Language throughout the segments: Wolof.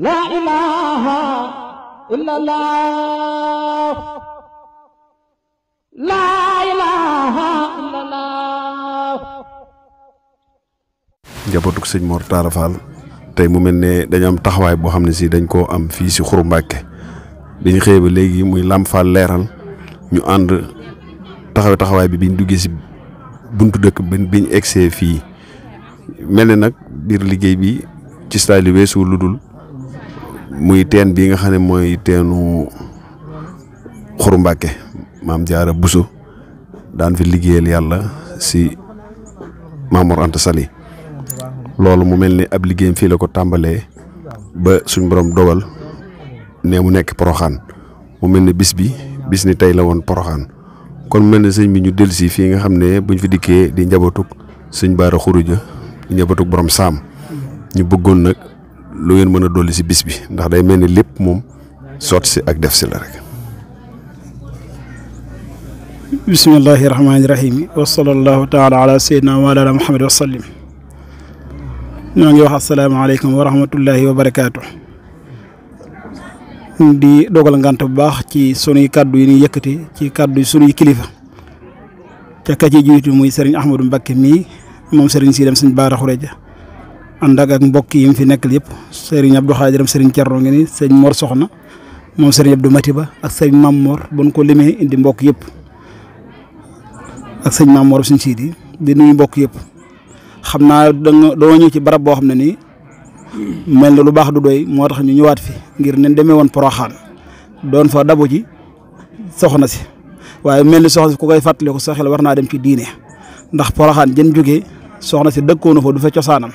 La ilaha illallah La ilaha illallah jabotuk seigne mor Fall tay mu melne dañ am taxaway bo xamni si dañ ko am fi ci xuru mbacke biñ xéeba légui muy lam fa léral ñu and taxaw taxaway bi biñ duggé ci buntu dekk biñ exé fi melne nak bir liggéey bi ci style wessu luddul muy ten bi nga xam moy tenu teenu mam jaara buso daan fi liggéeyal yalla si mamour Anta Sali loolu mu melni ni ab liggéeyam fi lako ko ba suñ borom dogal ne mu porohan, poroxaan mu melni ni bis bi bis ni tay la won kon melni señ si bi ñu fi nga ne buñ fi dikkee di njabotuk señ baara xuruja di borom sam ñu bëggoon nak lu ngeen mën a dolli si bis bi ndax day mel lépp moom sotti si ak def si la rek bismillahi rahmaani rahim wa sallallahu taala wa ala wa ngi wax asalaamaaleykum wa rahmatullahi wa barakaatu di dogal ngant bu baax ci sunuy kàddu yi ñuy yëkkati ci kàddu yi sunuy kilifa ca ka ci jiitu muy sëriñ Ahmadou Mbacké mii moom sëriñ si dem sëñ Baara Xureja andak ak mbokk yi fi nek lepp serigne Abdou khadiram serigne Cerno ngi ni sëriñ Mor Soxna mom serigne Abdou Matiba ak serigne mam Mor bon ko limé indi mbokk yep ak serigne mam Mor sin sidi di nuyu mbokk yep xamna do ñu ci barab bo xam ni mel lu bax du doy moo tax ñu ñewat fi ngir nen demee woon Poroxaan doon fa dabu ji soxna si waye mel soxna si ku koy fàttaliku ko soxel warna dem ci diine ndax Poroxaan jën jógee soxna si dekkono fa du fa ciosanam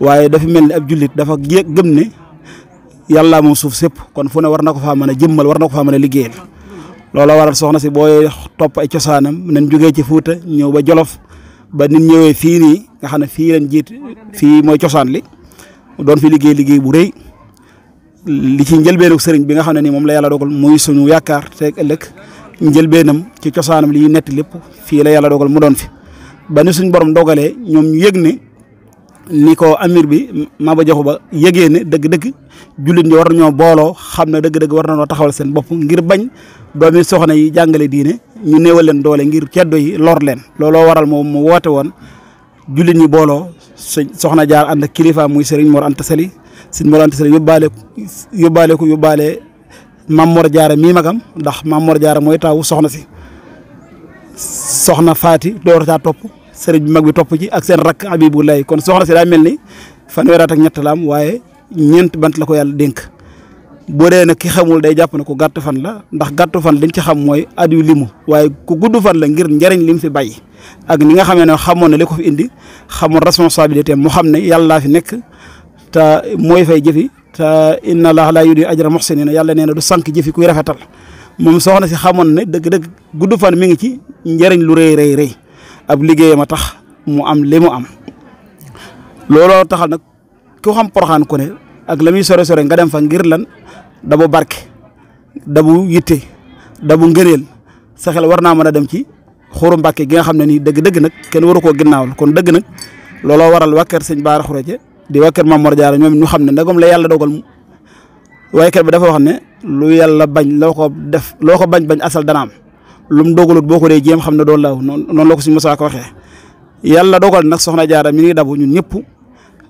waaye dafa mel ni ab jullit dafa gëm ne yàllaa moom suuf sépp kon foo ne war na ko faa mën a jëmmal war na ko faa mën a liggéeyal loola waral soxna si booy topp ay cosaanam nañ jógee ci Fuuta ñëw ba Jolof ba nit fii nii nga xam ne fii lañ jiit fii mooy cosaan li doon fi liggéey liggéey bu rëy li ci njëlbeenu sëriñ bi nga xam ne nii moom la yàlla dogal muy suñu yaakaar te ëllëg njëlbeenam ci cosaanam li ñuy netti lépp fii la yàlla dogal mu doon fi ba ni suñ borom dogalee ñoom ñu yëg ne ni ko amir bi maa ba Jaxu Ba yëgee ne dëgg-dëgg jullit ñi war nañoo booloo xam na dëgg-dëgg war nañoo taxawal seen bopp ngir bañ doomi soxna yi jàngale diine ñu newal leen doole ngir ceddo yi lor leen. looloo waral moom mu woote woon jullit ñi booloo sëñ soxna jaar ànd kilifa muy Serigne Mor Anta Sali Serigne Mor Anta Sali yóbbaale yóbbaale ko yóbbaale Mame Mor Jaara mii magam ndax Mame Mor Jaara mooy taawu soxna si soxna Faati door caa topp. sëriñ bi mag bi topp ci ak seen rakk Abibulaay kon soxna si daa mel ni fanweeraat ak ñett la waaye ñeent bant la ko yàlla dénk boo dee nag ki xamul day jàpp ne ko gàtt fan la ndax gàttu fan ci xam mooy at yu limu waaye ku gudd fan la ngir njëriñ lim fi bàyyi ak ni nga xamee ne xamoon na li ko fi indi xamoon responsabilité mu xam ne yàlla laa fi nekk te mooy fay jëfi te inna allaha laa yudiyu ajra muxsinina yàlla nee na du sànq jëfi rafetal moom soxna si xamoon ne dëgg-dëgg gudd fan mi ngi ci njëriñ lu rëy rëy rey ab liggéeyam a tax mu am li mu am looloo taxal nag ku xam poroxaan ku ne ak la muy sore sore nga dem fa ngir lan dabu barke dabu yitte dabu ngëneel sa xel war naa mën a dem ci xuru mbàkke gi nga xam ne nii dëgg-dëgg nag kenn waru koo ginnaawal kon dëgg nag looloo waral waa kër sëñ Baara Xuraje di waa kër Mame Mor Diarra ñoom ñu xam ne ndegam la yàlla dogal waaye kër bi dafa wax ne lu yàlla bañ loo ko def loo ko bañ bañ asal dana lu mu dogalut boo ko dee jéem xam ne doo laaw noonu noonu la ko suñu Musaa ko waxee yàlla dogal nag soxna jaara mi ngi dabu ñun ñëpp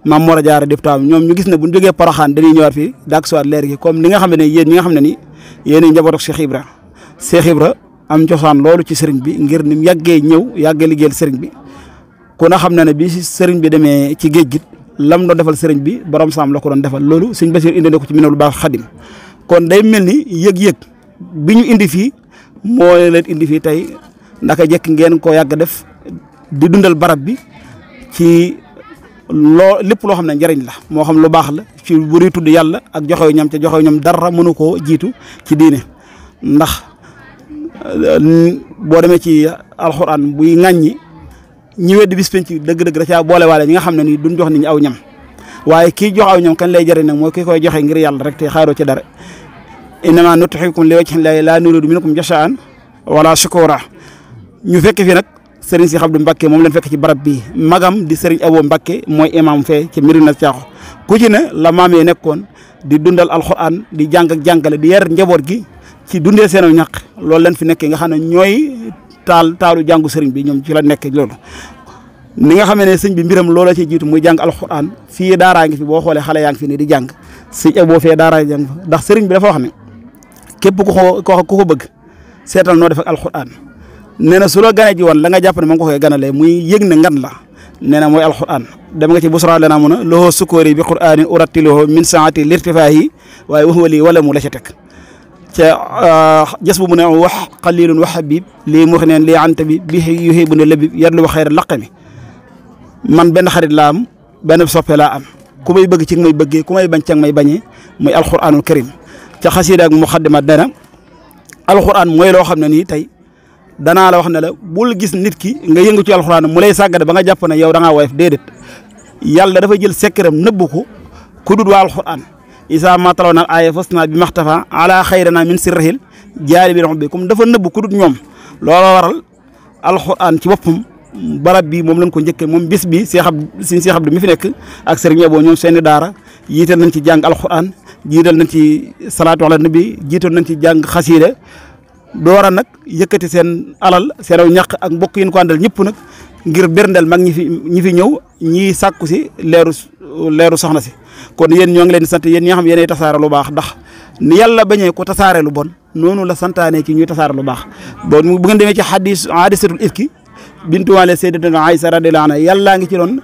maam Mor a jaara def taam ñoom ñu gis ne bu ñu jógee Poroxaan dañuy ñëwaat fii dàq suwaat leer gi comme ni nga xam ne yéen ñi nga xam ne ni yéen a njaboot ak Cheikh Ibra Cheikh Ibra am cosaan loolu ci sëriñ bi ngir ni mu yàggee ñëw yàggee liggéeyal sëriñ bi ku na xam ne ne bi sëriñ bi demee ci géej gi lam doon defal sëriñ bi borom saam la ko doon defal loolu sëriñ Basiir indi na ko ci minewul baax xadim kon day mel ni yëg-yëg bi ñu indi fii moo leen indi fii tey ndaka jekk ngeen ko yàgg def di dundal barab bi ci loo lépp loo xam ne njariñ la moo xam lu baax la ci buri tudd yàlla ak joxew ñam ca joxew ñam dara mënu koo jiitu ci diine ndax euh, boo demee ci alxuraan buy ŋàññi ñi weddi bis penc dëgg-dëgg da caa boole waale ñi nga xam ne nii duñ jox nit aw ñam waaye kii jox aw ñam kan lay jëriñ nag mooy ki koy joxe ngir yàlla rek te xaaroo ci dara innama nut'imukum li wajhi llaahi laa nuriidu minkum jazaa'an wala shukura ñu fekk fi nag sëriñ si Abdou Mbacke moom leen fekk ci barab bi magam di sëriñ Abo Mbacke mooy imam fee ci Médina Thiakho ku ci ne la maam nekkoon di dundal alxuraan di jàng ak jàngale yar njaboot gi ci dundee seen ñaq loolu leen fi nekkee nga xam ne ñooy taal taalu jàngu sëriñ bi ñoom ci la nekk loolu. nga xamee ne sëñ bi mbiram loola ci jiitu muy jàng alxuraan fii daaraa ngi fi boo xoolee xale yaa ngi fi di jàng sëñ ndax sëriñ bi dafa wax ne képp ko ko ku ko bëgg seetal noo def ak alxuraan nee na su la gane ji woon la nga jàpp ne ko nga koy ganalee muy yëg ne ngan la nee na mooy alxuraan dem nga ci busra lana mun a loxoo sukkoori bi quraanin urattiluhu min saati lirtifaahi waaye waxuwa lii wala mu la ca teg ca ah, jës bu mu ne wax qalilun wax habib lii mux neen lii anta bi bi yuhibu ne labib yadlu wa xayra laqami man benn xarit laa am benn soppe laa am ku bëgg ci may bëggee ku may bañ ca may bañee muy alxuraanul ca xasida ak muxaddima dana alxuraan mooy loo xam ne nii tey danaa la wax ne la bul gis nit ki nga yëngu ci alxuraan mu lay sàggade ba nga jàpp ne yow da ngaa woyof déedéet yàlla dafa jël sekkiram nëbbu ko ku dul waa alxuraan isa ma talaw na aaya fas naa bi maxtafa ala xayrana min sirrahil jaari bi bi comme dafa nëbbu ku dul ñoom looloo waral alxuraan ci boppam barab bi moom lañ ko njëkkee moom bis bi Seex Abdu Seex Abdu mi fi nekk ak Sëriñ Abo ñoom seeni daara yiite nañ ci jàng alxuraan jiital nañ ci salaatu ala nabi jiital nañ ci jàng xasiida doora nag yëkkati seen alal seen aw ñàq ak mbokk yi ñu ko àndal ñëpp nag ngir berndeel mag ñi fi ñi fi ñëw ñii sàkku si leeru leeru soxna si kon yéen ñoo ngi leen di sant yéen ñi nga xam tasaare lu baax ndax ni yàlla bañee ko tasaare lu bon noonu la santaane ci ñuy tasaare lu baax bon bu ngeen demee ci hadis hadisatul ifki bintu waale sayyidatuna Aïsa radiyallahu anha yàlla ngi ci doon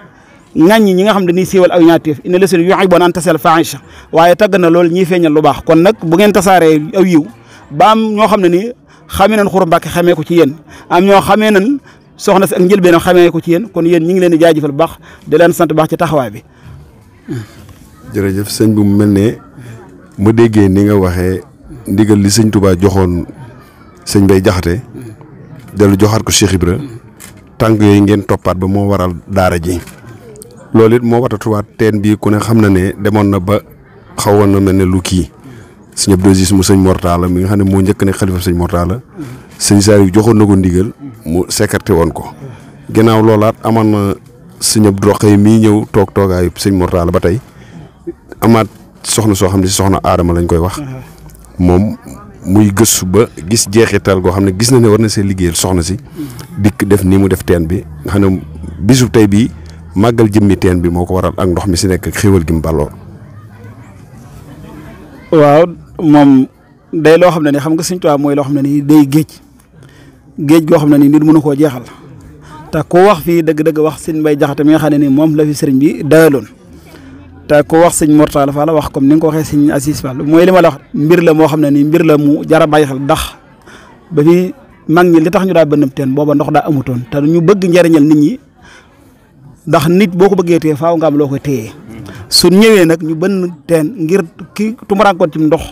ŋàññi ñi nga xam dañuy siiwal aw ñaawteef inna lasina yuhibbuna an tasal fahisha waaye tagg na lool ñiy feeñal lu baax kon nag bu ngeen tasaaree aw yiw ba am ñoo xam ne ni xamee nañ xuru mbàkke ko ci yéen am ñoo xamee nañ soxna si ak a xamee ko ci yéen kon yéen ñi ngi leen di jaajëfal baax di leen sant baax ci taxawaay bi jërëjëf bu mu mel ne ma déggee ni nga waxee ndigal li sëñ tubaa joxoon sëñ Bay Jaxate dellu joxaat ko Cheikh Ibra tànk yooyu ngeen toppaat ba moo waral daara ji loolu it moo watatuwaat teen bii ku ne xam na ne demoon na ba xawoon na mel ne lu kii sëñ Abdou Aziz mu sëñ Mortala mi nga xam ne moo njëkk ne xalifa sëñ la sëñ Saliou joxoon na ko ndigal mu sécrété woon ko ginnaaw loolaat amoon na sëñ Abdou Rokhaya mii ñëw toog toogaayu sëñ Mortala ba tey amaat soxna soo xam ne si soxna aadama lañ koy wax moom muy gëstu ba gis jeexital goo xam ne gis na ne war na see liggéeyal soxna si dikk def nii mu def teen bi nga bisu tey bii magal jëmmi teen bi moko waral ak ndox mi ci nek xewal gi mu waaw mom day lo xamne ni xam nga seigne touba moy lo xamne ni day go xamne ni nit mënu ta ko wax fi deug deug wax seigne bay jaxata mi ni mom la fi seigne bi dayaloon ta ko wax sëñ Mortala Fall wax comme ni nga ko waxee sëñ Assis Fall moy lima malah la wax mbir la mo xamne ni mbir la mu jara dah. xal dakh ba fi mag ni li tax ñu da bënnam ten booba ndox da amuton ta ñu bëgg njariñal nit ñi ndax nit boo ko bëggee te faw nga am loo ko téye su ñëwee nag ñu bën teen ngir ki tumuraankoon ci ndox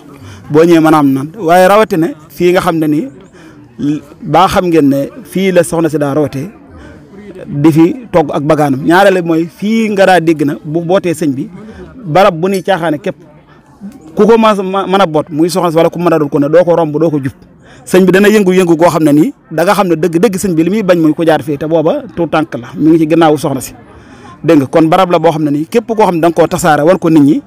boo ñëwee mën nan waaye rawatina fii nga xam ne ni baa xam ngeen ne fii la soxna si daa rawatee di fi togg ak bagaanam ñaareele mooy fii nga daa dégg na bu bootee sëñ bi barab bu nuy caaxaane képp ku ko mën a boot muy soxna si wala ku mën a dul ne doo ko romb doo ko jub sëñ bi dana yëngu-yëngu goo xam ne nii da nga xam ne dëgg-dëgg sëñ bi li muy bañ mooy ko jaar fii te booba tout tànk la mi ngi ci ginnaawu soxna si dégg nga kon barab la boo xam ne nii képp koo xam ne da ko koo tasaare wan ko nit ñi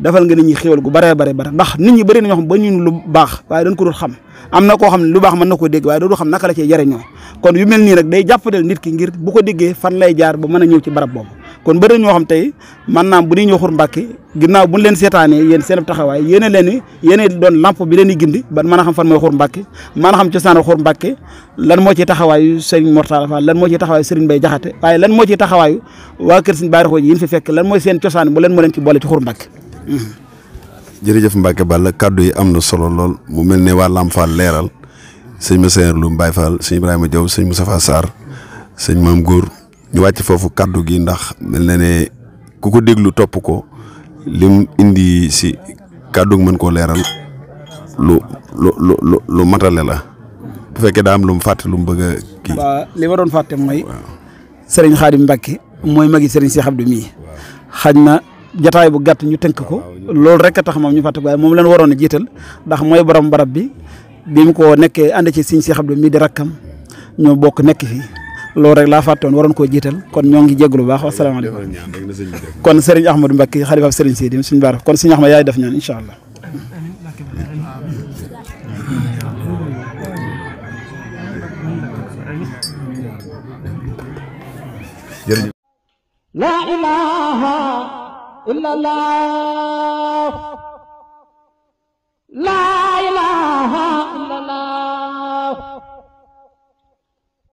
defal nga ni ñi xéwal gu bare bare bare ndax nit ñi bëri na ñoo xam ba ñun lu baax waaye dañ ko dul xam am na koo xam ne lu baax mën na ko dégg waaye doodu xam naka la cee jariñoo kon yu mel nii rek day jàppandal nit ki ngir bu ko déggee fan lay jaar ba mën a ñëw ci barab boobu kon bëri ñoo xam tey man naam bu ñuy ñëw xur mbàkke ginnaaw buñ leen seetaanee yéen seen taxawaay yéen a leen i yéen doon lamp bi leen di gindi ban mën a xam fan mooy xur mbàkke mën a xam cosaan xur moo ciy taxawaayu Serigne Mortala moo ciy taxawaayu Serigne lan moo ciy taxawaayu waa kër Serigne Bara Khoudia yi yéen fi fekk lan mooy seen cosaan bu leen jërëjëf Mbacke Balla kàddu yi am na solo lool mu mel ne waa Lamp Fall leeral sëñ Massène Loum Baye Fall sëñ Ibrahima Diaw sëñ Moustapha Sarr sëñ Maam Góor ñu wàcc foofu kàddu gi ndax mel na ne ku ko déglu topp ko lim indi si kàddu mën koo leeral lu lu lu lu matale la bu fekkee daa am lu mu fàtte lu mu bëgg a kii. waaw li ma doon fàtte mooy. Serigne Khadim Mbacke mooy magi Serigne Cheikh Abdou mii xaj na jataay bu gatt ñu teunk ko lool rek tax mom ñu fàtte ko waaye moom leen waroon a ndax moy borom barab bi bim ko nekké and ci seigne Cheikh Abdou mii di rakkam ñoo bokk nekk fi lool rek la fàtte woon waroon koo jiital kon ñoo ngi jéglu bu assalamu alaykum kon Serigne Ahmadou mbakki khalifa Serigne Sidi seigne baara kon Serigne Ahmad yaay def ñaan incha allah la ilaha إلا الله لا إله